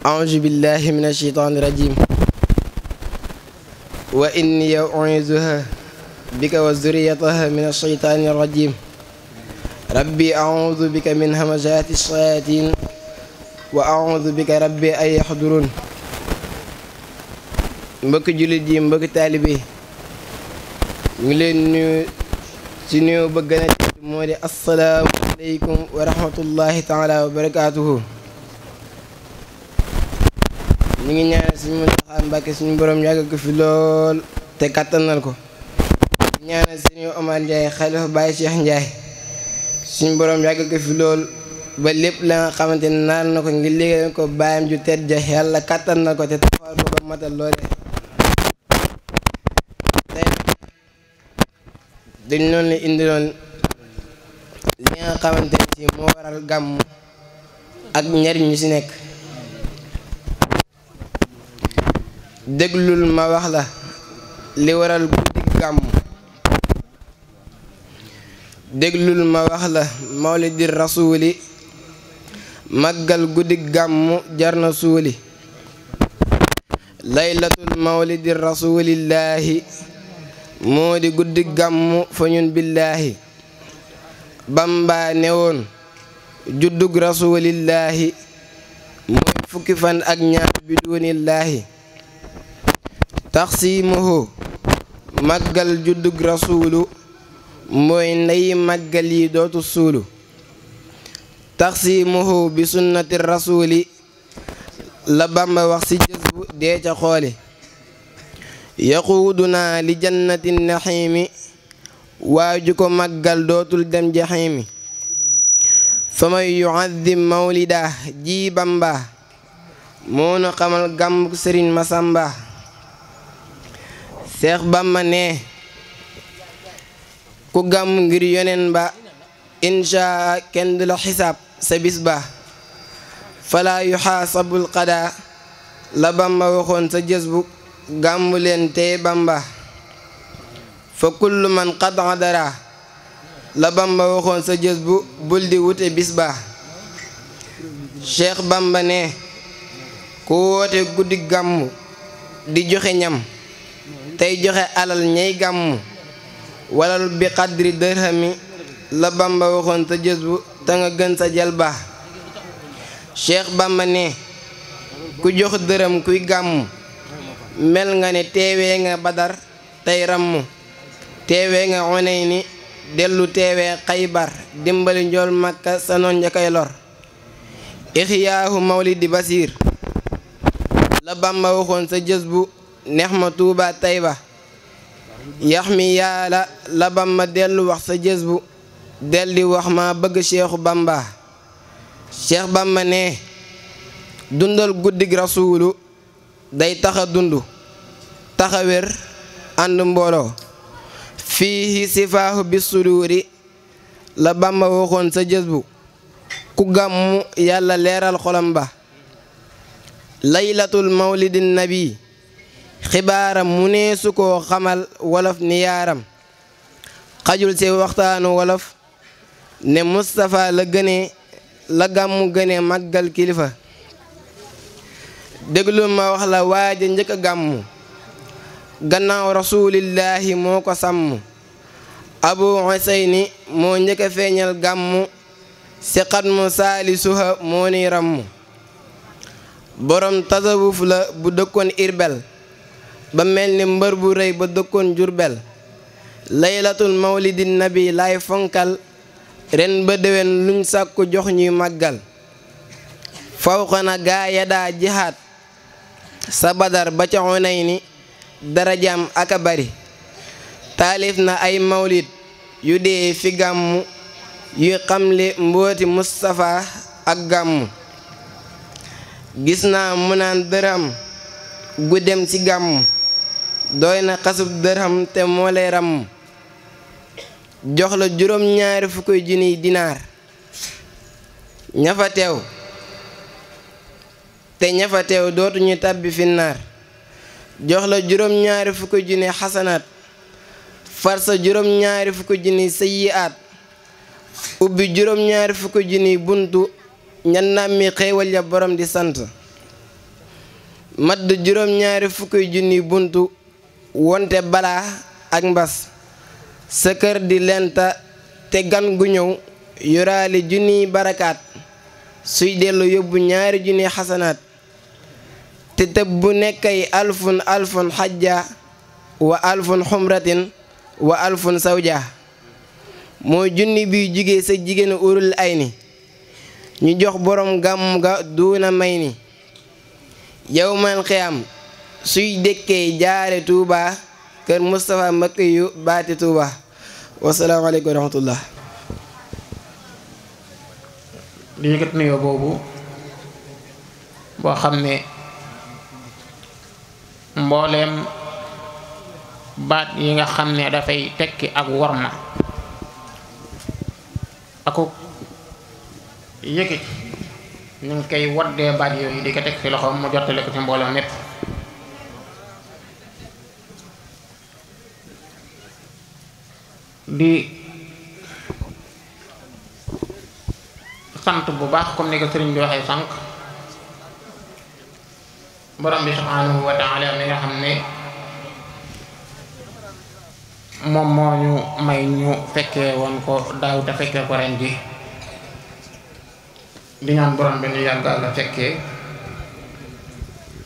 أعوذ بالله من الشيطان الرجيم وإني أعيذها بك وذريتها من الشيطان الرجيم ربي أعوذ بك من همزات الشياطين وأعوذ بك ربي أن يحضرون mbokki jullit yi mbokki taalibe ñu leen nuyu ci nuyu ba gën a moo di assalaamu aleykum wa rahmatullahi taala wa barakaatuhu ñu ngi ñaanal suñu Muntaxa Mbàkke suñu borom yàgg ko fi lool te kàttanal ko ñaanal suñu Omar Ndiaye xalifa Baye Cheikh Ndiaye suñu borom yàgg ko fi lool ba lépp la nga xamante ne naan na ko ngir liggéeyal ko baayam ju tedd ja yàlla kàttanal ko te taxawal ko ba matal loole tey dañ noonu la indiloon li nga xamante si moo waral gàmm ak njariñ yu ci nekk déglul ma wax la li waral guddi gàmmu déglul ma wax màggal guddi gàmmu jar na suuli laylatul mawlidi rasuulillaahi moo di guddi gàmmu fa ñun billaahi bamba juddug rasuulillaahi mooy fukki fan ak ñaar bi taxsimuhu màggal juddug rasuulu mooy ndey màggal yi dootu suulu taxsimuhu bi sunnati rasuuli la bamba wax ci jësbu dee ca xooli yaquudunaa li jannati naxiimi waaju ko màggal dootul dem jaxiimi fa may yuazim mawlidaa ji bamba moo nu xamal gàmbu sëriñ Masamba seex bamba ne ku gàmm ngir yonen ba incaa kenn du la xisaab sa bis ba falaa yuxaasabul qadaa la bamba waxoon sa jës bu gàmm bamba fa kullu man qada dara la bamba waxoon sa jës bu bul di wute bis ba bamba ne ku woote guddi gàmm di joxe ñam tey joxe alal ñey gàmmu walal bi xadri dërhami la bamba waxoon sa jës bu te nga gën sa jël baax bamba ne ku jox dërëm kuy gàmmu mel nga ne teewee nga badar tey rammu teewee nga xoney ni dellu teewee xaybar dimbali njool makka sa noon njakay lor ixiyaahu mawlidi basiir la bamba waxoon sa jës bu neex ma tuuba tayba yax mi yaala la bamba dellu wax sa jës bu del wax ma bëgg cheikhu bamba cheikh bamba ne dundal guddig rasuulu day taxa dund taxa wér ànd mbooloo fiihi sifaahu bi la bamba waxoon sa jës bu ku gàmmu yàlla leeral xolam ba laylatul mawlidin nabi xibaaram mu nee su ko xamal wolof ni yaaram xajul ci waxtaanu wolof ne Moustapha la gënee la gàmmu gënee màggal kilifa déglu ma wax la waaja njëkk gàmmu gannaaw rasuulillaahi moo ko sàmm abu xuseyni moo njëkk a feeñal gàmmu ci xatmu saalisuha moo ni ràmm borom tasawuf la bu dëkkoon irbel ba mel ni mbër bu rëy ba dëkkoon jurbel laylatul mawlidin bi lay fonkal ren ba déwén luñ sàkku jox ñuy màggal fawqa na gaa ya jihaat sa badar ba ca xunay ni darajaam aka bari taalif na ay mawlid yu dee fi gàmmu yuy xamle mbooti Moustapha ak gàmmu gis naa mënaan naan dërëm gu dem ci gàmmu doy na xasub dërham te moo lay ràmm jox la juróom ñaari dinaar ña te ña dootuñu tàbbi finnaar jox la juróom ñaari fukki junniy xasanaat far juróom ñaari fukki ubbi juróom ñaari fukki junniy buntu ñannaam mi xéewal ya borom di sant madd juróom ñaari buntu wonte balaa ak mbas sa kër di lenta te gan gu ñëw yoraale junniy barakaat suy dellu yóbbu ñaari junniy xasanaat te tëb bu nekkay alfun alfun xajja wa alfun xumratin wa alfun sawja moo junni biy jugee sa jigéenu urul ay ni ñu jox boroom gàmm ga duuna may ni yowmal suy dëkkee jaare Touba kër Moustapha Mbakke yu baati Touba wasalaamaaleykum wa rahmatullah di yëkkat nuyoo boobu boo xam ne mbooleem baat yi nga xam ne dafay tekki ak worma akuk yëkkati ñu ngi koy waddee baat yooyu di ko teg ci loxoom mu jottale ko ci mboolem mépp di sant bu baax comme ni ko sëriñ bi waxee sànq borom bi subhanahu wa taala mi nga xam ne moom moo ñu may ñu fekkee woon ko daaw te fekkee ko ren ji di borom bi ñu yàggal la fekkee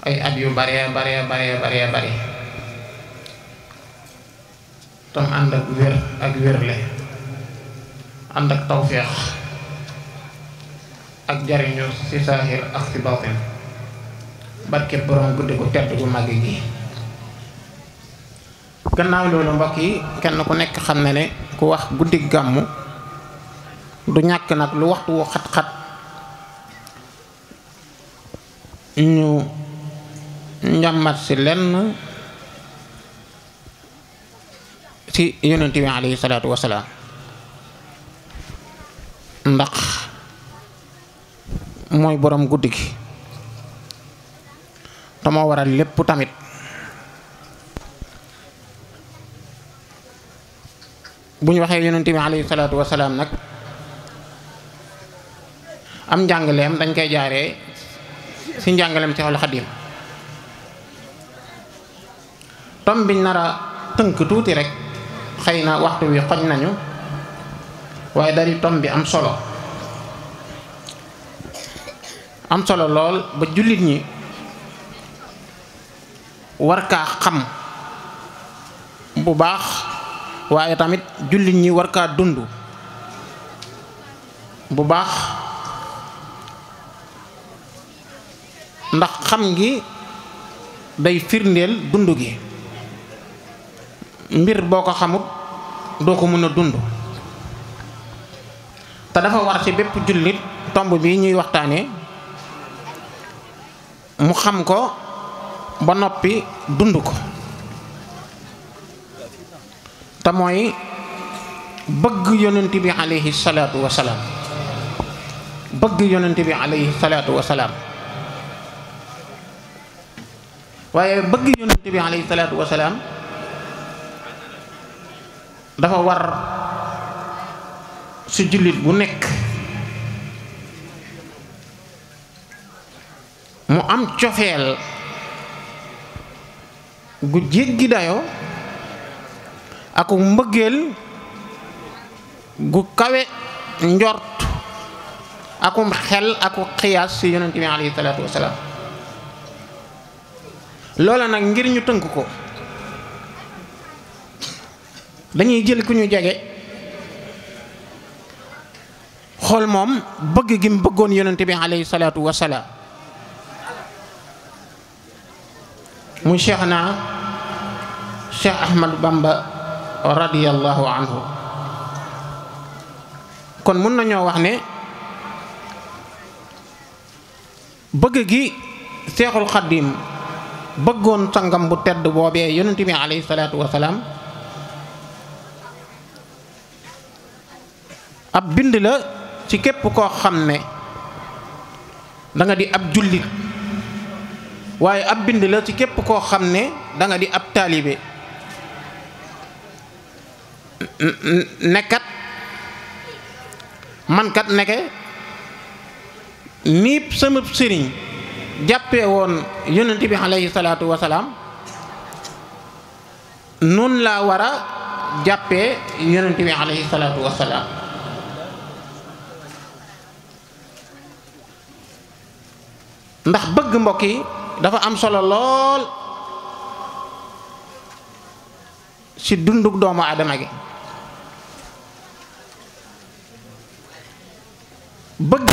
ay at yu bare bare bare bare bare tam ànd ak wér ak wérle ànd ak tawféex ak jariñu ci saaxir ak ci baatin barke borom guddi gu tedd gu màgg gi gannaaw loolu mbokk yi kenn ku nekk xam na ne ku wax guddi gàmmu du ñàkk nag lu waxtu wu xat-xat ñu njàmmat ci lenn ci yonent bi alayhi salaatu wasalaam ndax mooy boroom guddi gi te moo waral lépp tamit bu ñu waxee yonent bi salaatu wasalaam nag am njàngaleem dañ koy jaaree ci njàngaleem ci Xadiim tom biñ nara tënk tuuti rek xëy na waxtu wi xoj nañu waaye dari tom bi am solo am solo lool ba jullit ñi war xam bu baax waaye tamit jullit ñi warkaa dund bu baax ndax xam gi day firndeel dund gi mbir boo ko xamut doo ko mën a dund te dafa war ci bépp jullit tomb bi ñuy waxtaane mu xam ko ba noppi dund ko te mooy bëgg yonent bi alayhi salaatu wa salaam bëgg yonent bi alayhi salaatu wa salaam waaye bëgg yonent bi alayhi salaatu wa salaam dafa war ci jullit bu nekk mu am cofeel gu jéggi dayo ak mbëggeel gu kawe njort akum xel aku xiyaas ci yonent bi alayhi salaatu wasalaam loola nag ngir ñu tënk ko dañuy jël ku ñu jege xool moom bëgg gi mu bëggoon yonent bi alayhi salaatu wasalaam mu cheikh naa cheikh ahmad bamba radiyallahu anhu kon mun nañoo wax ne bëgg gi seexul xaddim bëggoon sangam bu tedd boobee yonent bi alayhi salaatu wasalaam ab bind la ci képp koo xam ne danga di ab jullit waaye ab bind la ci képp koo xam ne danga di ab taalibe nekkat mankat nekke niib sama sëriñ jàppee woon yonent bi salaatu wasalaam nun laa war a jàppee yonent bi alayhi salaatu wasalaam ndax bëgg mbokk yi dafa am solo lool ci dunduk doomu aadama gi bëgg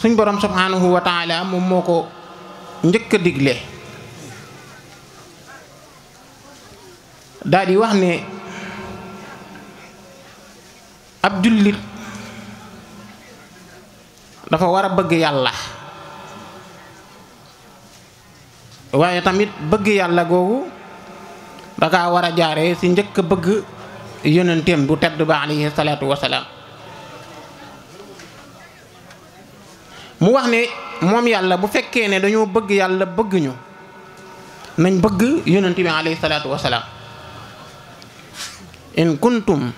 suñ borom subhanahu moom moo ko njëkk digle daal wax ne ab jullit dafa war a bëgg yàlla waaye tamit bëgg yàlla googu da war a jaare ci njëkk bëgg yonenteem bu tedd ba alayhi salaatu wasalaam mu wax ne moom yàlla bu fekkee ne dañoo bëgg yàlla bëgg ñu nañ bëgg yonent bi alayhi salaatu wasalaam in kuntum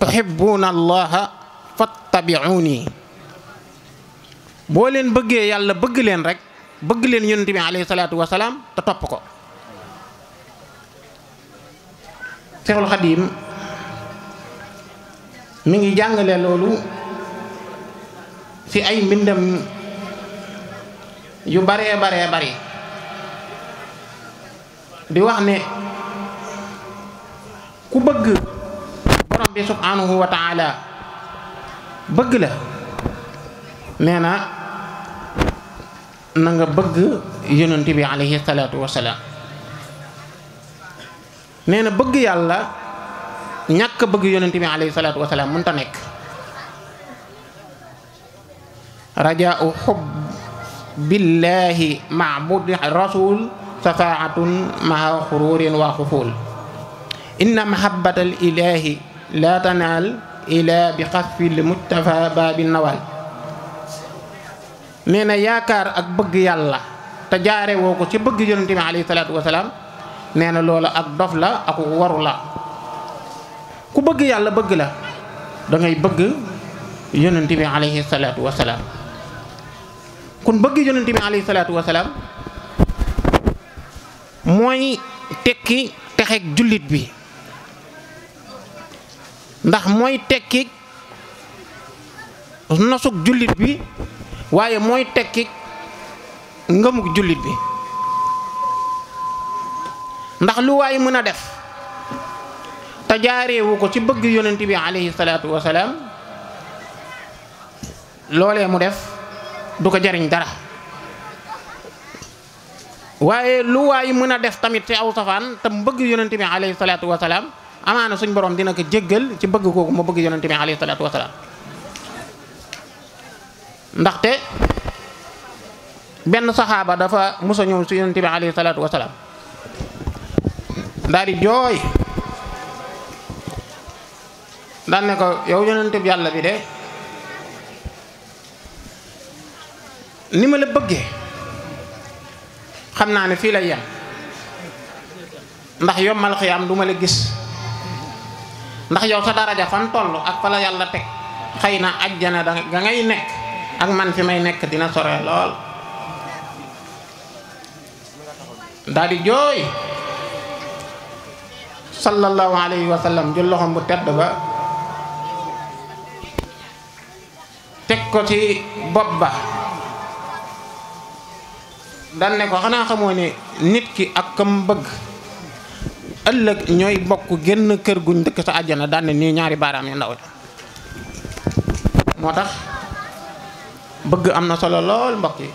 tuhibbuna allaha fattabi'uni boo leen bëggee yàlla bëgg leen rek bëgg leen yonent bi alayhi salaatu wasalaam te topp ko Seexul Xadiim mu ngi jàngale loolu ci ay mbindam yu baree baree bari di wax ne ku bëgg borom bi subhanahu wa bëgg la nee na na nga bëgg yonent bi alayhi salaatu wasalaam nee na bëgg yàlla ñàkk bëgg yonent bi alayhi salaatu wasalaam mënut a nekk rajaau xub billahi maabudi rasul safaatun maha xururin wa xuful inna mahabbatal ilahi la tanaal ila bi xasfi lmustafa babi nawal nee na yaakaar ak bëgg yàlla te jaarewoo ko ci bëgg yonent bi alayhi salaatu wasalaam nee na loola ak dof la ak waru la ku bëgg yàlla bëgg la da bëgg yonent bi alayhi salaatu wasalaam kon bëgg yonent bi alayhi salaatu wasalaam mooy tekki texeg jullit bi ndax mooy tekki nosug jullit bi waaye mooy tekki ngëmu jullit bi ndax lu waay mën a def te jaareewu ko ci bëgg yonent bi alayhi salaatu wasalaam loolee mu def du ko jariñ dara waaye lu waay mën a def tamit ci aw safaan te bëgg yonent bi alayhi salaatu wasalaam amaana suñ borom dina ko jéggal ci bëgg kooku ma bëgg yonent bi alayhi salaatu wasalaam ndaxte benn saxaaba dafa musa ñëw si yonent bi alayhi salaatu wasalaam daal di jooy daan ne ko yow yonent bi yàlla bi de ni ma la bëggee xam naa ne fii la yem ndax yommal xiyaam du ma la gis ndax yow sa daraja fan toll ak fa la yàlla teg xëy na ajjana da ngay nekk ak man fi may nekk dina sore lool daal di jooy sallallahu alayhi wa sallam bu tedd ba teg ko ci bopp ba daan ne ko xanaa xamoo ni nit ki ak kam bëgg ëllëg ñooy bokk génn kër gu dëkk sa àjjana daan ne ñaari baaraam yu ndaw moo tax bëgg am na solo lool mbokk yi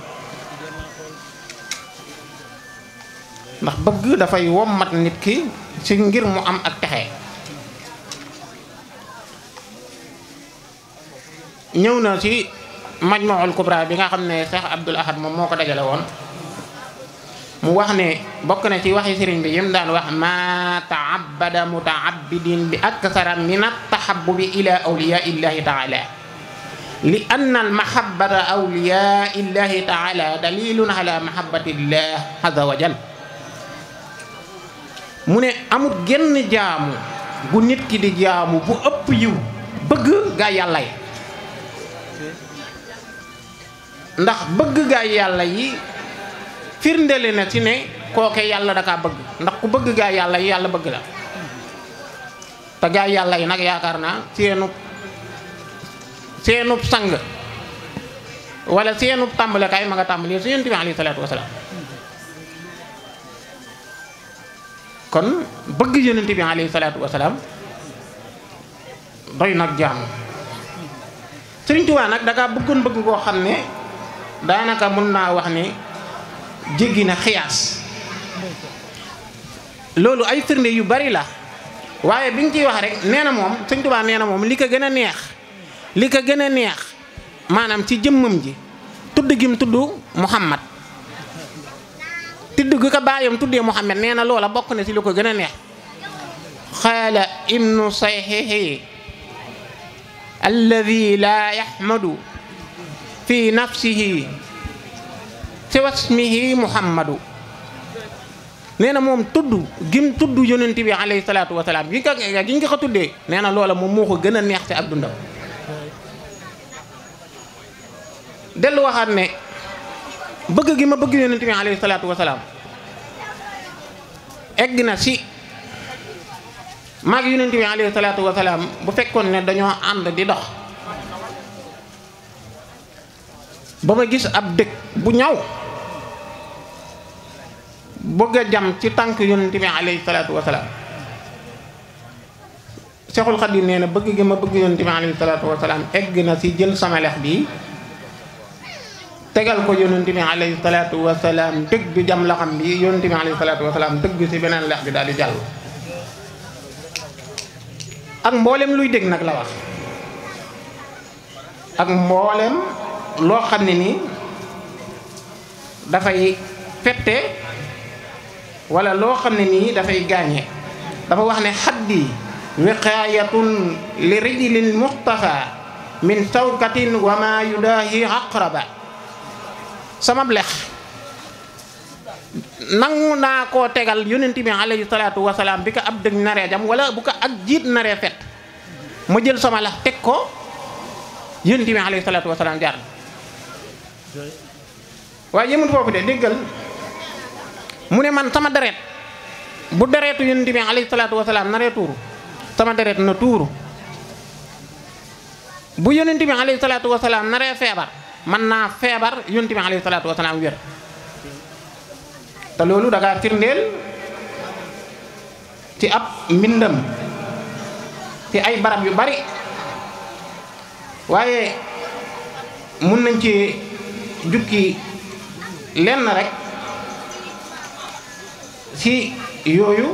ndax bëgg dafay wommat nit ki ci ngir mu am ak texe ñëw na ci majmuul kubra bi nga xam ne Cheikh Abdoul Ahad moom moo ko dajale woon mu wax ne bokk na ci waxi sëriñ bi yim daan wax ma taabada mutaabidin bi ak aksara min at taxabubi ila awliya illahi taala li anna al mahabbata awliyaa illahi taala dalilun ala mahabbatillah azza wa mu ne amul genn jaamu bu nit ki di jaamu bu ëpp yiw bëgg gaa yàlla yi ndax bëgg gaa yàlla yi firndele na ci ne kooke yàlla da kaa bëgg ndax ku bëgg gaa yàlla yi yàlla bëgg la te gaa yàlla yi nag yaakaar naa seenu seenub sang walla seenub tàmbalekaay ma nga tàmbalee su yonent bi alayhi salaatu wasalaam kon bëgg yonent bi alayhi salaatu doy nag jaamu Sëriñ Tuubaa nag dangaa bëggoon bëgg koo xam ne daanaka mun naa wax ne jéggi na xiyaas loolu ay firnde yu bari la waaye bi ñu ciy wax rek nee na moom Sëriñ Tuubaa nee na moom li ko gën a neex li ko gën a neex maanaam ci jëmmam ji tudd gim tudd Muhammad tudd gi ko baayam tuddee Muhammad nee na loola bokk na ci li ko gën a neex xaala ibnu saxiixi alladi laa yaxmadu fi nafsihi si wasmihi Muhammadu nee na moom tudd gim tudd yonent bi alayhi salaatu wasalaam gi nga gi nga ko tuddee nee na loola moom moo ko gën a neex ci ab dundam dellu waxaat ne bëgg gi ma bëgg yonent bi alayhi salaatu wasalaam egg na si maag yonent bi alayhi salaatu wasalaam bu fekkoon ne dañoo ànd di dox ba ma gis ab dëkk bu ñaw bëgg a jam ci tànk yonent bi alayhi salaatu wasalaam Seexul Xadiim nee na bëgg gi ma bëgg yonent bi alayhi salaatu wasalaam egg na si jël sama bii tegal ko yonent bi alayhi salaatu wa salaam dëgg jam la xam bi yonent bi alayhi salaatu wa beneen lex bi daal di jàll. ak mboolem luy dégg nag la wax ak mboolem loo xam ne nii dafay fette walla loo xam ne nii dafay gaañe dafa wax ne xaddi wiqaayatun li rijlil mustafa min sawkatin wa ma yudaahi aqraba sama lex nangu naa koo tegal yonent bi alayhi salaatu wasalaam bi ko ab dëgg naree jam wala bu ko ak jiit naree fet ma jël sama lex teg ko yonent bi alayhi salaatu wasalaam jaar na waaye yëmut foofu de déggal mu ne man sama deret bu deretu yonent bi alayhi salaatu wasalaam naree tuuru sama deret na tuuru bu yonent bi salaatu wasalaam naree feebar mën naa feebar yonent bi alayhi salaatu wasalaam wér te loolu da ngaa ci ab mbindam ci ay barab yu bari waaye mun nañ ci jukki lenn rek ci yooyu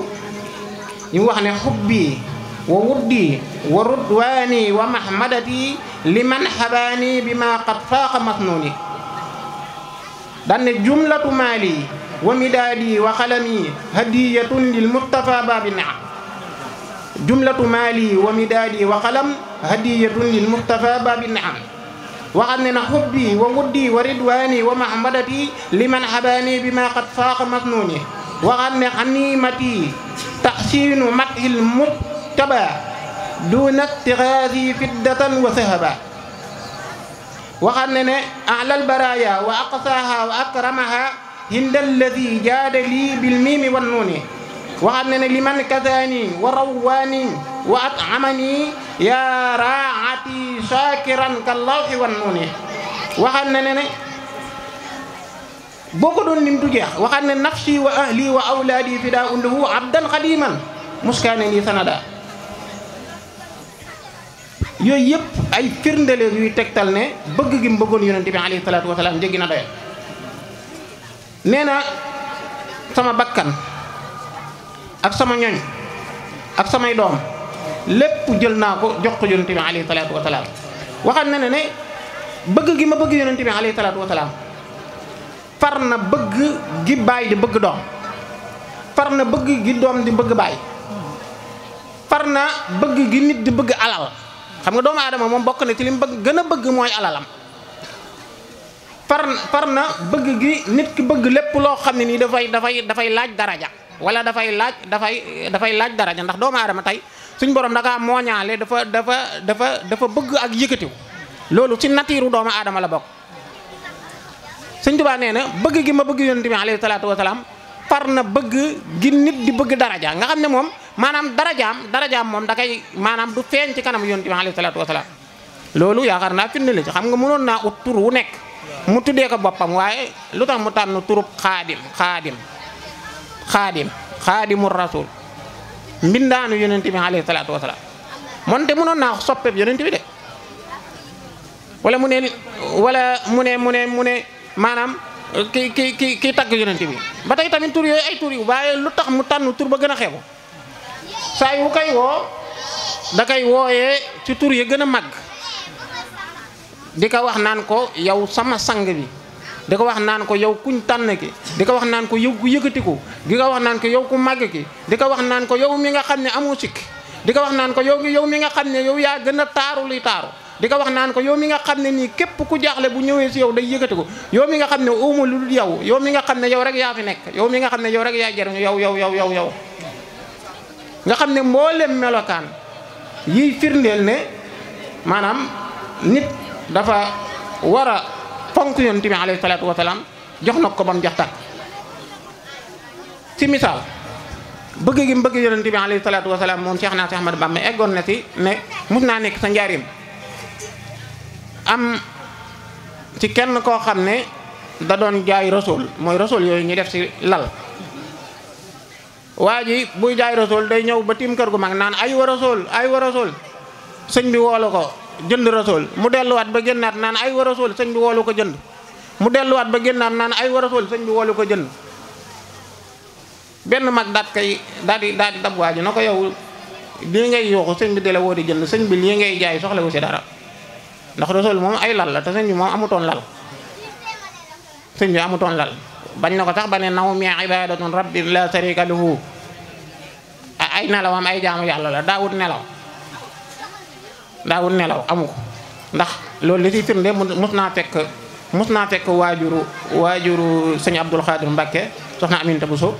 ñu wax ne xub bii wa wuddii wa rudwaanii wa mahmadatii liman habaanii bimaa qad faaqa masnuuni danne jumlatu maali wa midaadi wa qalami hadiyatun lil mustafa baabi naa jumlatu maali wa midaadi ne na xubbi wa wuddi wa ridwaani wa mahmadati liman habaani bima qad faaqa masnuuni waxat ne xaniimati taxsiinu matil mut متبع دون اتغاثي فدة وذهبا وخنن أعلى البرايا وأقصاها وأكرمها هند الذي جاد لي بالميم والنون وخنن لمن كذاني ورواني وأطعمني يا راعتي شاكرا كالله والنون وخنن boo ko doon lim du jeex waxaat ne nafsi wa ahli wa awlaadi fidaa unduhu abdan xadiman muskaane nii sanada yooyu yëpp ay firndeleeg yuy tegtal ne bëgg gi mu bëggoon yonente bi alayhi salaatu wa salaam jéggi na doyal nee na sama bakkan ak sama ñoñ ak samay doom lépp jël naa ko jox ko yonente bi alayhi salaatu wa salaam waxaat na ne ne bëgg gi ma bëgg yonente bi alayhi salaatu wa salaam far na bëgg gi baay di bëgg doom far na bëgg gi doom di bëgg baay far na bëgg gi nit di bëgg alal xam nga doomu aadama moom bokk na ci li mu bëgg gën a bëgg mooy alalam par par na bëgg gi nit ki bëgg lépp loo xam ne nii dafay dafay dafay laaj daraja wala dafay laaj dafay dafay laaj daraja ndax doomu aadama tey suñ borom da ngaa mooñaale dafa dafa dafa dafa bëgg ak yëkkatiw loolu ci natiiru doomu aadama la bokk suñ tubaa nee na bëgg gi ma bëgg yoon bi alayhi salaatu wasalaam par na bëgg gi nit di bëgg daraja nga xam ne moom maanaam darajaam darajaam moom da kay maanaam du feeñ ci kanam yonent bi alayhi salaatu wasalaam loolu yaakaar naa firnde la ci xam nga mënoon naa ut tur wu nekk mu tuddee ko boppam waaye lu tax mu tànn turub xaadim xaadim xaadim xaadimu rasul mbindaanu yonent bi alayhi salaatu wasalaam moonte mënoon naa soppeeb yonent bi de wala mu ne wala mu ne mu ne mu ne maanaam ki ki ki ki tagg yonent ba tey tamit tur yooyu ay waaye lu tax mu tànn tur ba gën a xeebu saa yu koy woo da kay wooyee ci tur yi gën a màgg di ko wax naan ko yow sama sang bi di ko wax naan ko yow kuñ tànn ki di ko wax naan ko yow ku yëkkatiku di ko wax naan ko yow ku màgg ki di ko wax naan ko yow mi nga xam ne amoo sikk di ko wax naan ko yow mi yow mi nga xam ne yow yaa gën a taaru luy taaru di ko wax naan ko yow mi nga xam ne nii képp ku jaaxle bu ñëwee si yow day yëkkati ko yow mi nga xam ne uuma lu dul yow yow mi nga xam ne yow rek yaa fi nekk yow mi nga xam ne yow rek yaa jariñu yow yow yow yow yow nga xam ne mboolem melokaan yiy firndeel ne maanaam nit dafa war a fonk yonent bi alayhi salaatu wa jox na ko ba mu jox tàkk ci misaal bëgg gi mu bëgg yonent bi alayhi salaatu wa salaam moom Cheikh naa Cheikh Ahmad Bamba eggoon na ci ne mus naa nekk sa njaarim am ci kenn koo xam ne da doon jaay rasool mooy rasool yooyu ñu def ci lal waa ji buy jaay rasool day ñëw ba tiim kër gu mag naan ay wa rasool ay wa rasool sëñ bi woolu ko jënd rasool mu delluwaat ba génnaat naan ay wa rasool sëñ bi woolu ko jënd mu delluwaat ba génnaat naan ay wa rasool sëñ bi woolu ko jënd benn mag daat kay daal daal di dab waa ji na ko yow lii ngay yuuxu sëñ bi di woo di jënd sëñ bi lii ngay jaay soxlawu si dara ndax rasool moom ay lal la te sëñ bi moom amutoon lal sëñ bi amutoon lal bañ na ko sax ba ne nawmi ibadatun rabbi la sharika lahu ay nelawam ay jaamu yàlla la daawut nelaw daawut nelaw amu ko ndax loolu li ci firnde mus naa fekk mus naa fekk waajuru waajuru sëñ Abdul Xaadir Mbàkke soxna Aminta Buso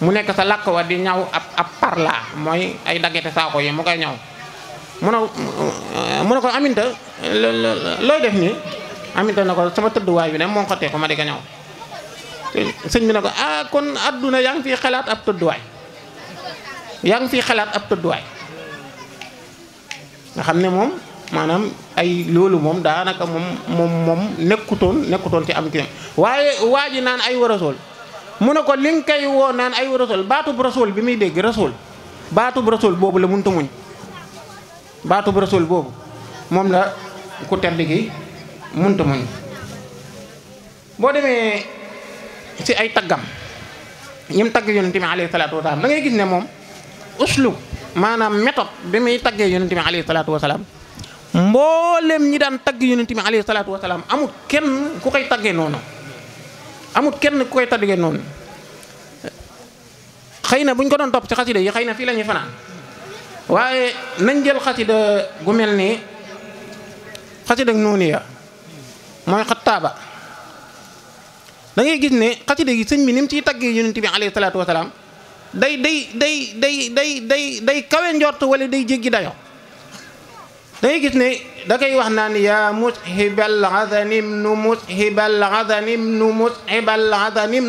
mu nekk sa làkk wa di ñaw ab ab parla mooy ay daggete saako yi mu koy ñaw mu ne mu ne ko Aminta looy def nii Aminta na ko sama tëdduwaay bi ne moo ko ko ma di ko ñaw sëñ bi na ko ah kon àdduna yaa ngi fiy xalaat ab tëdduwaay yaa ngi fiy xalaat ab tëdduwaay nga xam ne moom maanaam ay loolu moom daanaka moom moom moom nekkutoon nekkutoon ci am ki waaye waa ji naan ay warasool mu ne ko li nga koy woo naan ay rasool baatub rasool bi muy dégg rasool baatub rasool boobu la mënta muñ baatub rasool boobu moom la ku tedd gi mënta muñ boo demee si ay taggam ñim tagg yonent bi alayhi salaatu wasalaam da ngay gis ne moom uslu maanaam méthode bi muy taggee yonent bi alayhi salaatu wasalaam mboolem ñi daan tagg yonent bi alayhi salaatu wasalaam amut kenn ku koy taggee noonu amut kenn ku koy taggee noonu xëy na bu ñu ko doon topp ci xasida yi xëy na fii lañuy fanaan waaye nañ jël xasida gu mel nii xasida noonu ya mooy xattaaba da gis ne xasida gi sëñ bi ni mu ciy taggee yonent bi alayhi salaatu wasalaam day day day day day day day kawe njort wala day jéggi dayo da gis ne da wax naan yaa mushibal xasani nu mushibal xasani nu mushibal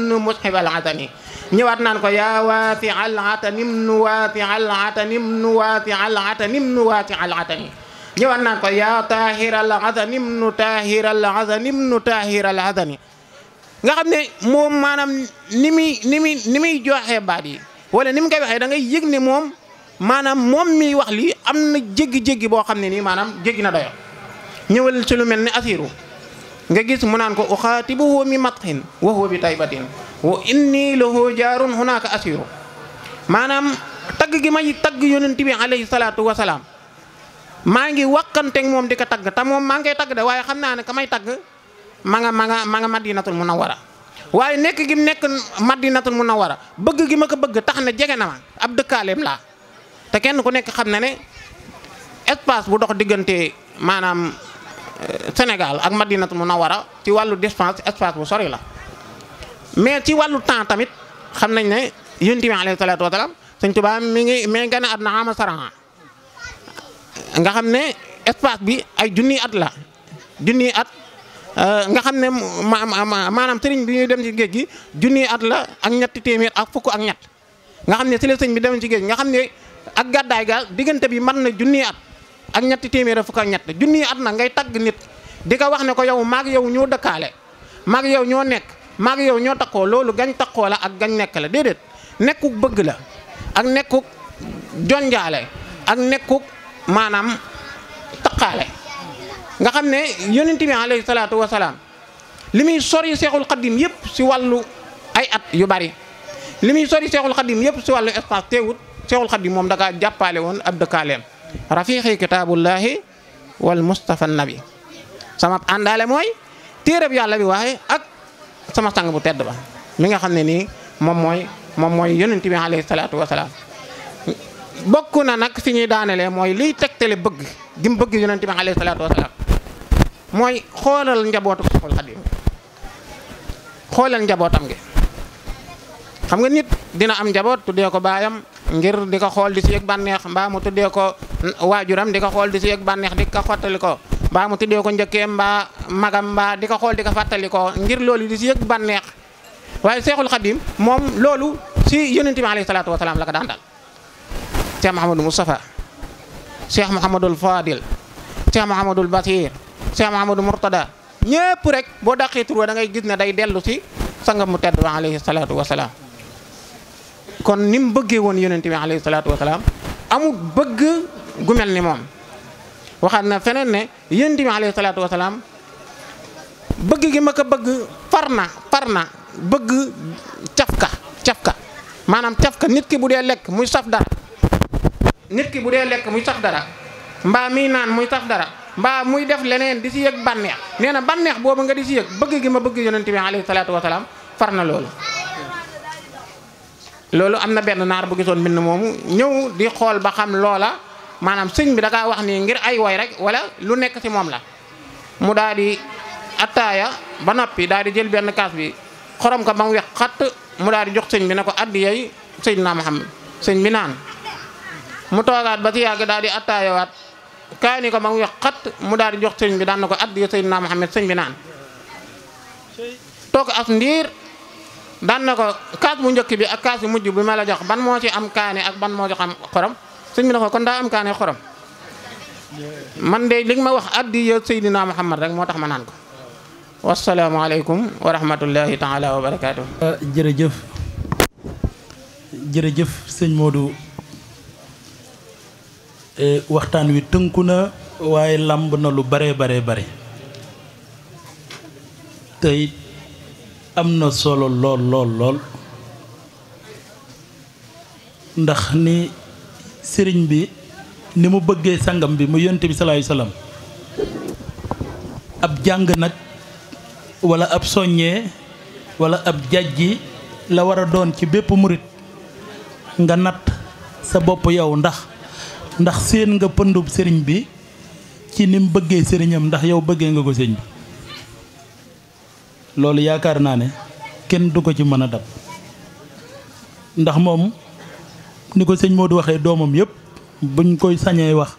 nu mushibal xasani ñëwaat naan ko yaa waasi al nu waasi al xasani nu waasi al xasani nu waasi al xasani ñëwaat naan ko yaa taahiral xasani nu taahiral xasani nu taahiral xasani nga xam ne moom maanaam ni muy ni muy ni muy joxee baat yi wala ni mu koy waxee da ngay yëg ne moom maanaam moom miy wax lii am na jéggi-jéggi boo xam ne nii maanaam jéggi na doyo ñëwal ci lu mel ni asiru nga gis mu naan ko uxaatibuhu mi matxin wa huwa bi taybatin wa inni lahu jaarun ko asiru maanaam tagg gi may tagg yonent bi alayhi salaatu wasalaam maa ngi wàqanteeg moom di ko tagg tam moom maa ngi koy tagg de waaye xam naa ne ka may tagg ma nga ma nga ma nga madinatul munawwara waaye nekk gi mu nekk madinatul munawwara bëgg gi ma ko bëgg tax na jege na ma ab dëkkaaleem la te kenn ku nekk xam na ne espace bu dox diggante maanaam euh, Sénégal ak madinatul munawwara ci wàllu distance espace bu sori la mais ci wàllu temps tamit xam nañ ne yonent bi alayhi salaatu wa salaam Sëñ Tuubaa mi ngi mi na ama saraa nga xam ne espace bi ay junni at la junniy at Euh, nga xam ne maanaam sëriñ bi ñuy dem ci géej gi junni at la ak ñetti téeméer ak fukk ak ñett nga xam ne si la sëñ bi dem ci géej nga xam ne ak gàddaay ga diggante bi man na junni at ak ñetti téeméer ak fukk ak ñett junni at na ngay tagg nit di ko wax ne ko yow maag yow ñoo dëkkaale maag yow ñoo nekk maag yow ñoo takkoo loolu gañ takkoo la ak gañ nekk la déedéet nekkuk bëgg la ak nekkuk jonjaale ak nekkuk maanaam takkaale nga xam ne yonent bi alayhi salaatu wasalaam li muy sori seexul xadim yëpp ci wàllu ay at yu bari li muy sori seexul xadim yëpp ci wàllu espace teewut seexul xadim moom dakaa jàppale woon ab dëkkaaleem rafiqi kitaabullahi wal mustafa nabi sama àndaale mooy téereb yàlla bi waaye ak sama sang bu tedd ba mi nga xam ne nii moom mooy moom mooy yonent bi alayhi salaatu wasalaam bokk na nag fi ñuy daanelee mooy liy tegtale bëgg gim bëgg yonent bi alayhi salaatu mooy xoolal njabootu Seexul Xadiim njabootam ngi xam nga nit dina am njaboot tuddee ko baayam ngir di ko xool di si yëg bànneex mbaa mu tuddee ko waajuram di ko xool di si yëg bànneex di ko xottali mu tuddee ko njëkkeem mbaa magam mbaa di ko xool di ko fàttali ko ngir loolu di si yëg bànneex waaye Seexul Xadiim moom loolu si yonent bi alayhi salaatu wa salaam la ko daan dal Cheikh Mouhamadou Moustapha Cheikh Mouhamadul Fadil Cheikh Mouhamadul Basir Cheikh Mahamadou Mourtada ñëpp rek boo daqee tur da ngay gis ne day dellu si sangam mu tedd ba alayhi salaatu wasalaam kon ni mu bëggee woon yonent bi alayhi salaatu wasalaam amul bëgg ni moom waxaat na feneen ne yonent bi alayhi bëgg gi ma ko bëgg far na far na bëgg cafka cafka maanaam cafka nit ki bu dee lekk muy saf dara nit ki bu dee lekk muy saf dara mbaa miy naan muy saf dara mbaa muy def leneen di ci yëg bànneex nee na bànneex boobu nga di ci yëg bëgg gi ma bëgg yonent bi alayhi salaatu wa salaam far na loolu. loolu am na benn naar bu gisoon mbind moomu ñëw di xool ba xam loola maanaam sëñ bi da wax nii ngir ay woy rek wala lu nekk ci moom la mu daa di attaaya ba noppi daa di jël benn kaas bi xorom ko ba mu wex xatt mu daa di jox sëñ bi ne ko addi yey sëñ naa Muhammad sëñ bi naan mu toogaat ba ci yàgg daa di attaayawaat kaay ko ba mu yox xat mu daal di jox sëñ daan na ko addi yo Muhammad sëñ bi naan toog as ndiir daan na ko kaas bu njëkk bi ak kaas bu mujj bi ma la jox ban moo ci am kaani ak ban moo ci am xorom sëñ bi na ko kon daa am kaani xorom man de li ma wax addi yo Seydina Muhammad rek moo tax ma naan ko wasalaamaaleykum wa rahmatullahi taala wa jërëjëf jërëjëf sëñ Modou. Eh, waxtaan wi tënku na waaye làmb na lu bare bare bare tey am na solo lool lool ndax ni sëriñ bi ni mu bëggee sangam bi mu yonte bi salaayu ab jàng nag wala ab soññee wala ab jajji la war a doon ci bépp murit nga natt sa bopp yow ndax ndax seen nga pëndub sëriñ bi ci nim bëggee sëriñam ndax yow bëggee nga ko sëñ bi loolu yaakaar naa ne kenn du ko ci mën a dab ndax moom ni ko sëñ Modou waxee doomam yëpp buñ koy sañee wax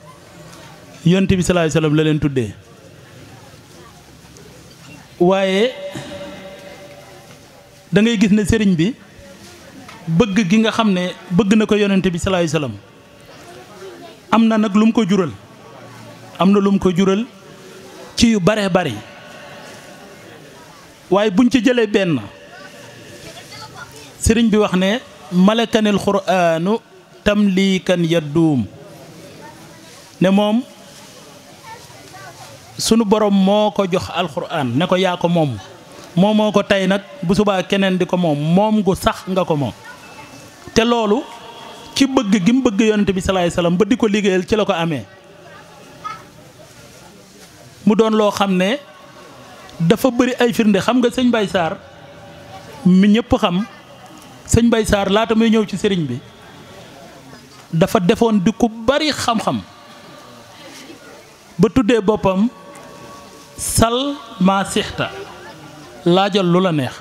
yonent bi sallallahu alayhi la leen tudde waaye dangay gis ne sëriñ bi bëgg gi nga xam ne bëgg na ko yonent bi sallallahu alayhi am na nag lu mu ko jural am na lu mu ko jural ci yu bare bari waaye buñ ci jëlee benn sëriñ bi wax ne malakanil quraanu tamliikan yadduum ne moom sunu borom moo ko jox alxuraan ne ko yaa ko moom moomoo ko tey nag bu subaa keneen di ko moom moom gu sax nga ko moom te loolu ci bëgg gi mu bëgg yonent bi salaay salaam ba di ko liggéeyal ci la ko amee mu doon loo xam ne dafa bari ay firnde xam nga sëñ Baye Sarr mi ñëpp xam sëñ Baye Sarr laata muy ñëw ci sëriñ bi dafa defoon di ku bari xam-xam ba tuddee boppam sal ma sixta laajal lu la neex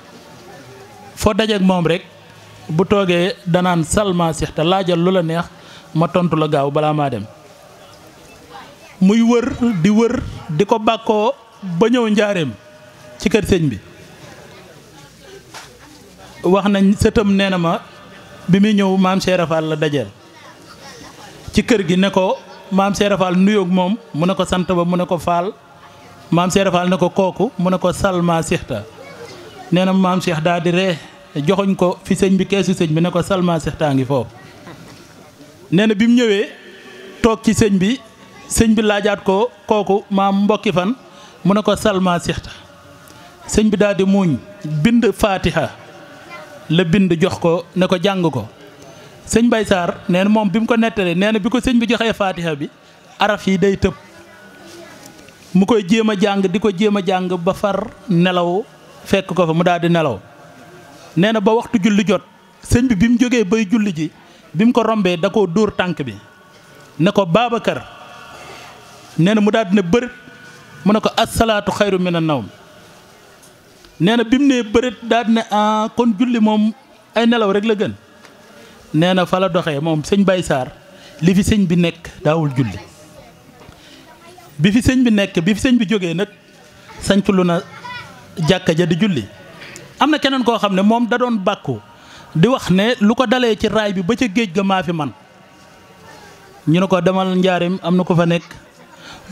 foo dajeek moom rek bu toogee danaan salma sixta laajal lu la neex ma tontu la gaaw balaa maa dem muy wër di wër di ko bàkkoo ba ñëw njaareem ci kër sëñ bi wax nañ sëtam nee na ma bi muy ñëw maam Cheikh Fall la dajeel ci kër gi ne ko maam Cheikh Fall nuyoog moom mu ne ko sant ba mu ne ko faal maam Cheikh Fall ne ko kooku mu ne ko salma sixta nee na maam Cheikh daal di ree joxuñ ko fi sëñ bi keesu sëñ bi ne ko Salma Seck ngi foofu nee na bi mu ñëwee toog ci sëñ bi sëñ bi laajaat ko kooku maam mbokki fan mu ne ko Salma Seck sëñ bi daal di muuñ bind Fatiha la bind jox ko ne ko jàng ko sëñ bay Sarr nee na moom bi mu ko nettalee nee na bi ko sëñ bi joxee Fatiha bi araf yi day tëb mu koy jéem a jàng di ko jéem a jàng ba far nelaw fekk ko fa mu daldi nelaw. nee na ba waxtu julli jot sëñ bi bi mu jógee bay julli ji bi mu ko rombee da koo dóor tànk bi ne ko Babacar nee na mu daal dina bërit mu ne ko asalaatu xayru mina nawm nee na bi mu nee bërit daal dina ah, kon julli moom ay nelaw rekk la gën nee na fa la doxee moom sëñ bay Sarr li fi sëñ bi nekk daawul julli bi fi sëñ bi nekk bi fi sëñ bi jógee nag sañc lu na jàkka ja di julli am na keneen koo xam ne moom da doon bàkku di wax ne lu ko dalee ci raay bi ba ca géej ga maa fi man ñu ne ko demal njaarim am na ko fa nekk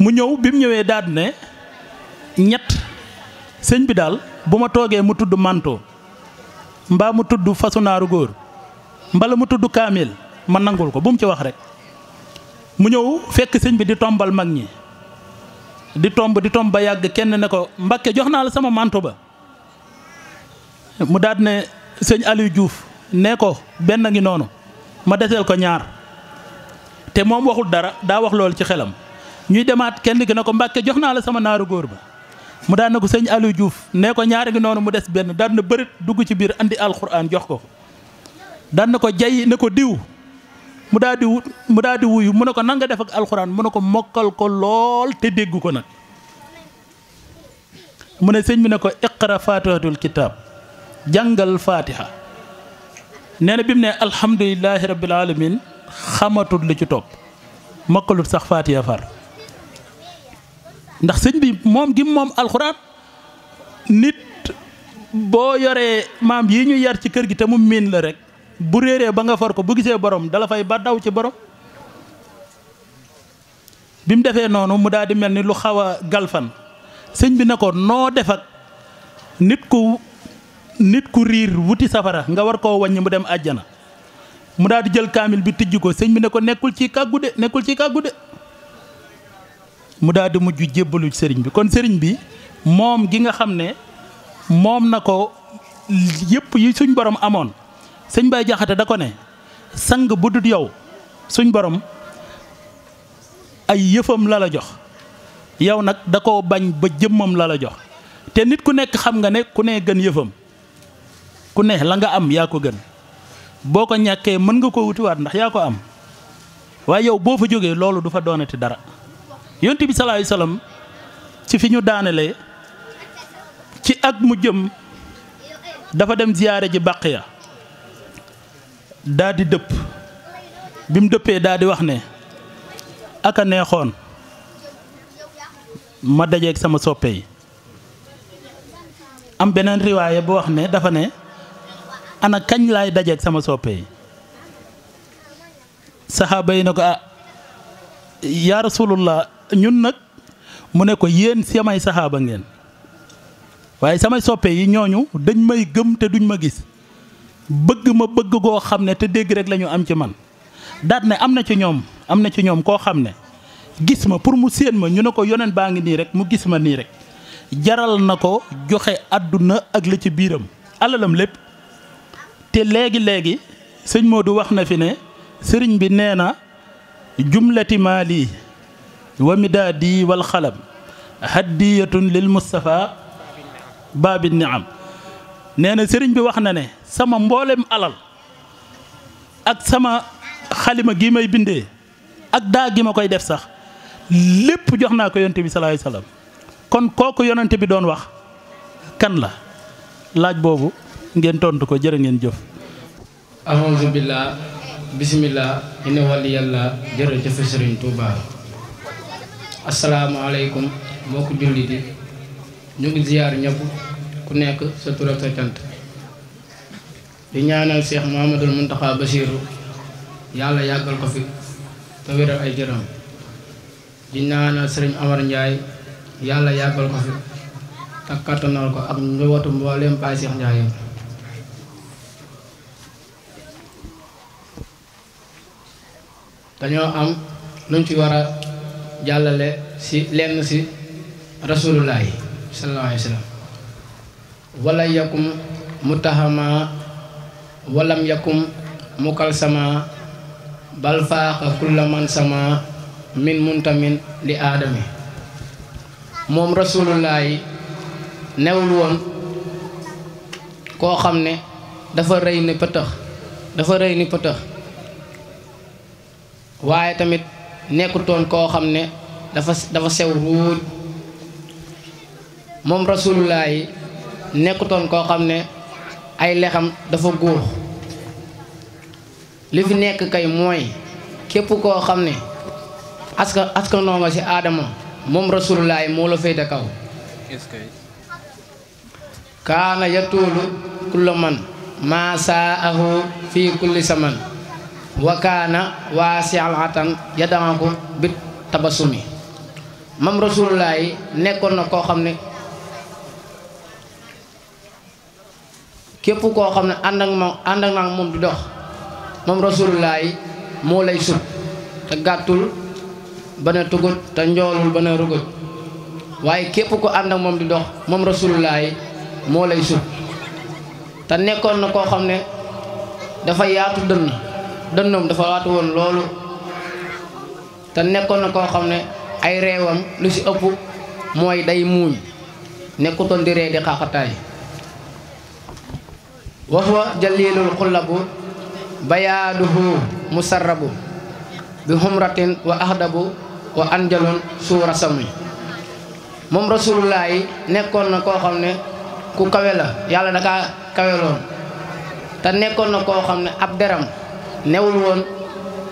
mu ñëw bi mu ñëwee daal ne ñett sëñ bi daal bu ma toogee mu tudd manto mbaa mu tudd naaru góor mbala mu tudd kaamil ma nangul ko bu mu ci wax rek mu ñëw fekk sëñ bi di tombal mag ñi di tomb di tomb ba yàgg kenn ne ko mbakke jox naa la sama manto ba mu daat ne sëñ Aliou juuf ne ko benn ngi noonu ma deseel ko ñaar te moom waxul dara daa wax loolu ci xelam ñuy demaat kenn ki ne ko mbàkke jox naa la sama naaru góor ba mu daan na ko sëñ Aliou Diouf nee ko ñaari ngi noonu mu des benn daan na bërit dugg ci biir indi alxuraan jox ko ko daan na ko jay ne ko diw mu daa di mu daa wuyu mu ne ko nanga def ak alxuraan mu ne ko mokkal ko lool te dégg ko nag mu ne sëñ bi ne ko iqra fatihatul kitab jàngal faatiha nee bi mu ne alhamdulilahi rabbil alamin xamatul li ci topp mokkalut sax faatiha far ndax sëñ bi moom gi moom alxuraan nit boo yoree maam yi ñu yar ci kër gi te mu miin la rekk bu réeree ba nga far ko bu gisee borom dala fay ba ci borom bi mu defee noonu mu daal di mel ni lu xaw a galfan sëñ bi ne ko noo def nit ku nit ku riir wuti safara nga war koo wàññi mu dem àjjana mu daal di jël kaamil bi tijj ko sëñ bi ne ko nekkul ci kàggu de nekkul ci kàggu de mu daal di mujj jébbalu sëriñ bi kon sëriñ bi moom gi nga xam ne moom na ko yëpp yi suñ borom amoon sëñ bay Jaxate da ko ne sang bu dut yow suñ borom ay yëfam la jox yow nag da koo bañ ba jëmmam la jox te nit ku nekk xam nga ne ku ne gën yëfam ku ne la nga am yaa ko gën boo ko ñàkkee mën nga ko wutiwaat ndax yaa ko am waaye yow boo fa jógee loolu du fa doonati dara yonent bi sallallahu alayhi wasallam ci fi ñu daanelee ci ak mu jëm dafa dem ziyaare ji bàq ya daa di dëpp bi mu dëppee daa di wax ne aka neexoon ma dajeeg sama soppe yi am beneen riwaaye bu wax ne dafa ne ana kañ laay dajeeg sama soppe saxaaba yi ne ko ah yaa rasulullah ñun nag mu ne ko yéen samay saxaaba ngeen waaye samay soppe yi ñooñu dañ may gëm te duñ ma gis bëgg ma bëgg goo xam ne te dégg rek lañu am ci man daat ne am na ci ñoom am na ci ñoom koo xam ne gis ma pour mu séen ma ñu ne ko yoneen baa ngi nii rek mu gis ma nii rek jaral na ko joxe àdduna ak la ci biiram alalam lépp te léegi léegi sëñ Modou wax na fi ne sëriñ bi nee na jumlati maali wa midaadi wal xalam haddiyatun lil Moustapha baabi am nee na sëriñ bi wax na ne sama mboolem alal ak sama xalima gi may bindee ak daa gi ma koy def sax lépp jox naa ko yonent bi salaay salaam kon kooku yonent bi doon wax kan la laaj boobu. ngeen tontu ko jërë ngeen jëf ahousu billah bisimillah ina wàlli yàlla jërëjëf sëriñ Tuuba asalaamaaleykum ñu ngi ziyaar ñëpp ku nekk sa tur sa cant di ñaanal Cheikh Mouhamadul Mountakha Bassirou yàlla yàggal ko fi te ay jëram di ñaanal sëriñ Amar Ndiaye yàlla yàggal ko fi te kattanal ko ak njabootu mbooleem Baay Cheikh Ndiaye dañoo am nuñ ci war a jàllale si lenn si rasulullahi sallallahu alayhi wa sallam wala yakum mutahama walam mukal sama bal faaqa sama min muntamin li aadami moom rasulullahi newul woon koo xam ne dafa rëy ni pëtëx dafa rëy ni pëtëx waaye tamit nekkutoon koo xam ne dafa dafa sew ruuj moom rasulullah yi nekkutoon koo xam ne ay lexam dafa guux li fi nekk kay mooy képp koo xam ne aska askanoo nga ci aadama moom rasulullah moo la féete kaw kaana yatuulu kulla man maa saahu fii kulli saman wa kaana waasialatan yadamaku bit tabasumi mam rasulullah yi nekkoon na koo xam ne képp koo xam ne ànd ak moom ànd ak moom di dox moom rasulullah yi moo lay sut te gàttul ba ne tugut te njoolul ba ne rugut waaye képp ko ànd ak moom di dox moom rasulullah moo lay sut te nekkoon na koo xam ne dafa yaatu dënn dëndoom dafa waatu woon loolu te nekkoon na koo xam ne ay reewam lu ci ëpp mooy day muuñ nekkutoon di ree di xaaxataay wa huwa jalilul xullabu bayaaduhu musarrabu bi humratin wa ahdabu wa anjalun suura moom rasulullah nekkoon na koo xam ne ku kawe la yàlla dakaa kaweloon te nekkoon na koo xam ne ab deram newul woon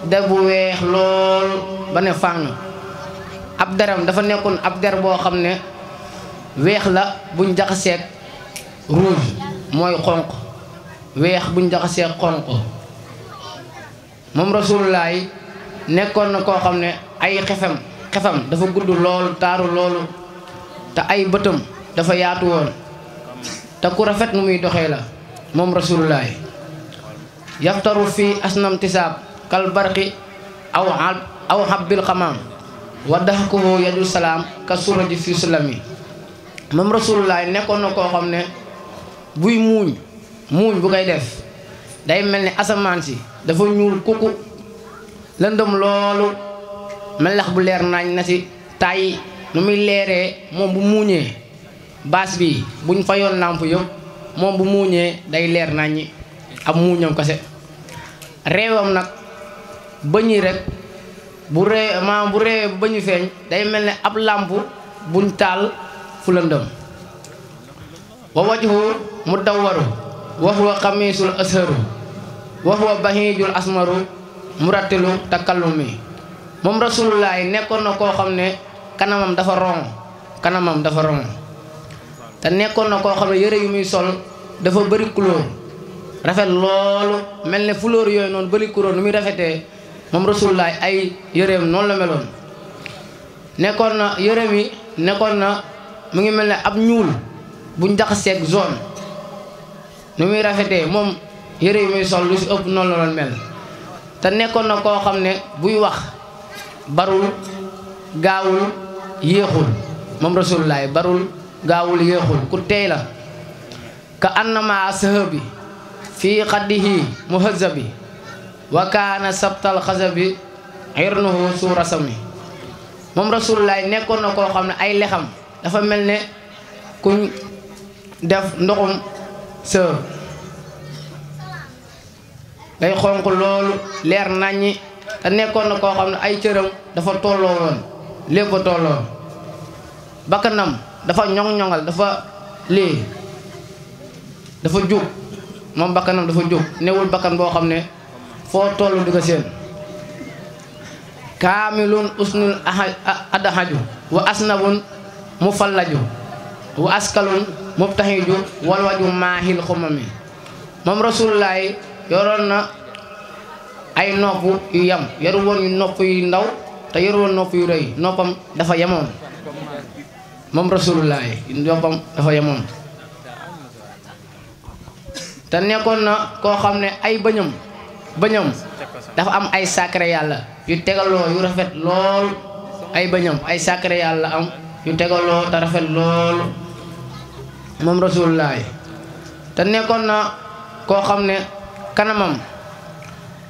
der bu weex lool ba ne fàng ab deram dafa nekkoon ab der boo xam ne weex la buñ jaxaseeg rouge mooy xonq weex buñ jaxaseeg xonq moom rasuulaay nekkoon na koo xam ne ay xefam xefam dafa gudd lool taaru loolu te ay bëtam dafa yaatu woon te ku rafet nu muy doxee la moom rasulullaay yaxtaru fi asnam tisaab kal barqi aw aw habbil xamaam wa daxkuhu yaju salaam ka suraji fi sulami moom rasulullah nekkoon na koo xam ne buy muuñ muuñ bu koy def day mel ni asamaan si dafa ñuul kuku lëndëm loolu melax bu leer nañ na si tàyyi nu muy leere moom bu muuñee baas bi buñ fayoon làmp yëpp moom bu muuñee day leer nañ ñi ab muuñam kase réewam nag bëñ yi rek bu ree bu réewee feeñ day mel ne ab làmp buñ taal fu lëndëm wa wajhu mudawwaru wa huwa xamiisul asharu wa huwa bahiijul asmaru murattilu takallumi moom rasulullaay nekkoon na koo xam ne kanamam dafa rong kanamam dafa rong te nekkoon na koo xam ne yëre yu sol dafa bëri couleur rafet loolu mel ne fleur yooyu noonu bëri nu muy rafetee moom rasulullaay ay yëreem noonu la meloon nekkoon na yëreem yi nekkoon na mu ngi mel ne ab ñuul buñ jaxaseeg zone nu muy rafetee moom yëre yi muy sol lu si ëpp noonu la doon mel te nekkoon na koo xam ne buy wax barul gaawul yéexul moom rasulullaay barul gaawul yéexul ku tey la ka annama sahabi fii xaddihi muhazabi wa kaana sabtal xasabi irnuhu suura sami moom rasulullaay nekkoon na koo xam ne ay lexam dafa mel ne kuñ def ndoxum sër day xonq loolu leer naññi te nekkoon na koo xam ne ay cëram dafa tolloo woon lépp a tolloo bakkanam dafa ñoŋ-ñoŋal dafa lii dafa jug moom bakkanam dafa jóg newul bakkan boo xam ne foo tollu di ko seen kaamilun usnul adahaju wa asnabun mu fallaju wa askalun mubtahiju walwaju maahil xumami moom rasulullah yi yoroon na ay nopp yu yam yoru woon yu nopp yu ndaw te yoru woon nopp yu rëy noppam dafa yemoon moom rasulullah yi noppam dafa yemoon te nekkoon na koo xam ne ay bañam bañam dafa am ay sacré yàlla yu tegaloo yu rafet lool ay bañam ay sacré yàlla am yu tegaloo te rafet lool moom rasulullah te nekkoon na koo xam ne kanamam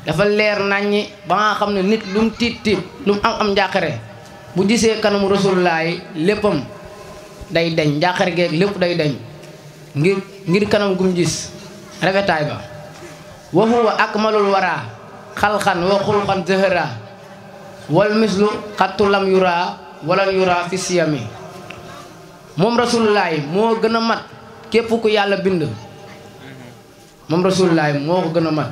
dafa leer naññi ba nga xam ne nit lu tiit tiit lu am am njàqare bu gisee kanamu rasulullah léppam day deñ njàqare geeg lépp day deñ ngir ngir kanam gum gis rafetaay ba wa huwa akmalul wara xalxan wa xulxan zëhëra wal mislu xattu lam yura wala fi siyami moom rasulullaay moo gën mat képp ku yàlla bind moom rasulullaay moo ko gën a mat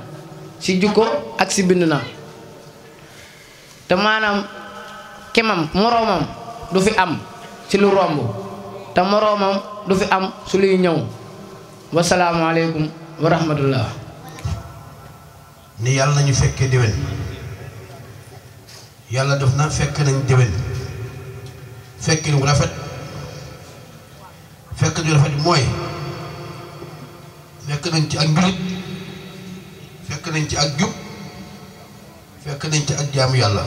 si jukko ak si bind na te maanaam kemam moroomam du fi am si lu romb te moroomam du fi am su luy ñëw wasalaamaaleykum wa rahmatullah ni yàlla nañu fekkee déwén yàlla def na fekk nañ déwén fekk bu rafet fekk ñu rafet mooy fekk nañ ci ak njulit fekk nañ ci ak jub fekk nañ ci ak jaamu yàlla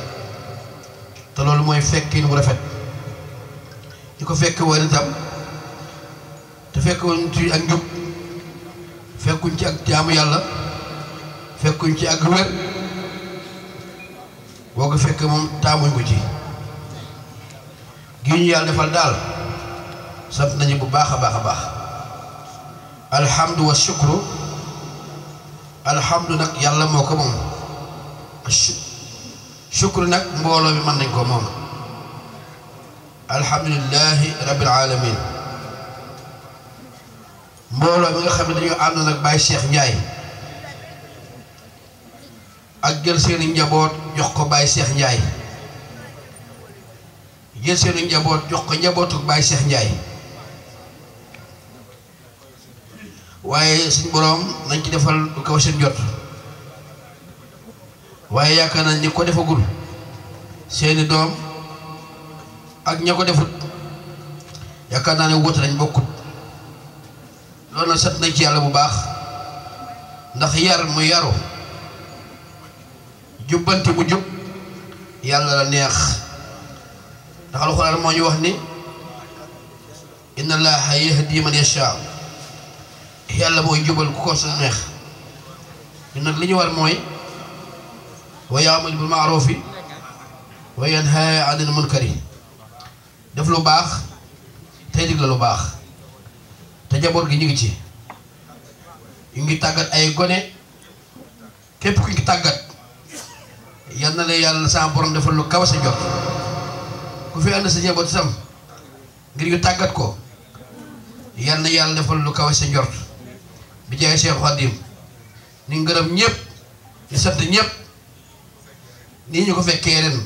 te loolu mooy fekkin bu rafet ñu ko fekk woon itam te fekk woon ci ak njub fekkuñ ci ak jaamu yàlla fekkuñ ci ak wér boo ko moom taamuñ ko ji gi yàlla defal daal sant nañu bu baax a baax a baax alhamdu wa shukru alhamdu nag yàlla moo ko moom shukru nag mbooloo bi mën nañ ko moom alhamdulillahi rabbil alamin mbooloo mi nga xam ne dañoo àndoon ak Baye Cheikh Ndiaye ak jël seeni njaboot jox ko Baye Cheikh Ndiaye jël njaboot jox ko njabootu Baye Cheikh Ndiaye waaye suñ boroom nañ ci defal du kaw seen jot waaye yaakaar nañ ni ko defagul seeni doom ak ña ko defut yaakaar naa ne wóote nañ bokkut loolu nag sant nañ ci yàlla bu baax ndax yar mu yaru jubbanti bu jub yàlla la neex ndax alxuraan moo ñu wax ni inna allaha yahdi man yashaa yàlla mooy jubal ku ko su neex ñu nag li ñu wal mooy wa yaamul bil maarufi wa yanha anil munkari def lu baax tey digle lu baax te njaboot gi ñu ngi ci ñu ngi tàggat ay gone képp ku ngi tàggat yal na la yàlla sa borom defal lu kaw sa jot ku fi ànd sa njaboot sam ngir ñu tàggat ko yal na yàlla defal lu kaw sa jot bi jaay Cheikh Khadim ni ngërëm ñépp di sant ñëpp nii ñu ko fekkee ren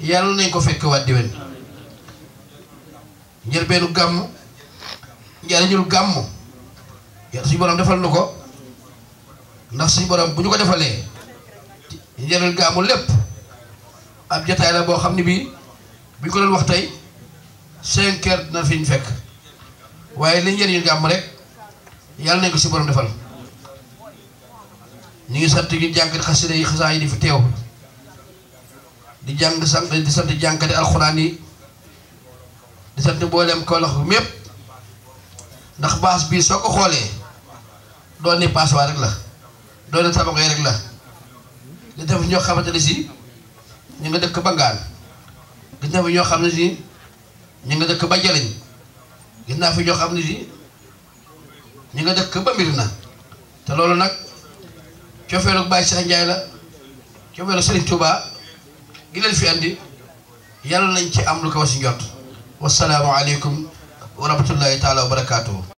yàlla nañ ko fekk waat déwén gàmm njariñul gàmmu yàlla suñu borom defal nu ko ndax suñu borom bu ñu ko defalee njariñul gàmmu lépp ab jataay la boo xam ne bii bi ñu ko doon wax tey cinq heures dina fi ñu fekk waaye li njariñul gàmm rek yàlla nañ ko suñu borom defal ñu ngi sant ñu jànkat xasida yi di fi teew di jàng sant di sant jànkati alxuraan yi di sant mboolem Kawlax mépp ndax baas bii soo ko xoolee doon ni passoire rek la doon ni tabax rek la li ñoo xamante ne si ñu nga dëkk Bangaal gis fi ñoo xam ne si ñu nga dëkk ba Jaliñ gis naa fi ñoo xam ne si ñu nga dëkk ba Mbir na te loolu nag cofeelu Baye Cheikh Ndiaye la cofeelu Serigne Touba gi leen fi andi yàlla nañ ci am lu ko wa si njot wasalaamu aleykum wa rahmatullahi taala wa barakaatu.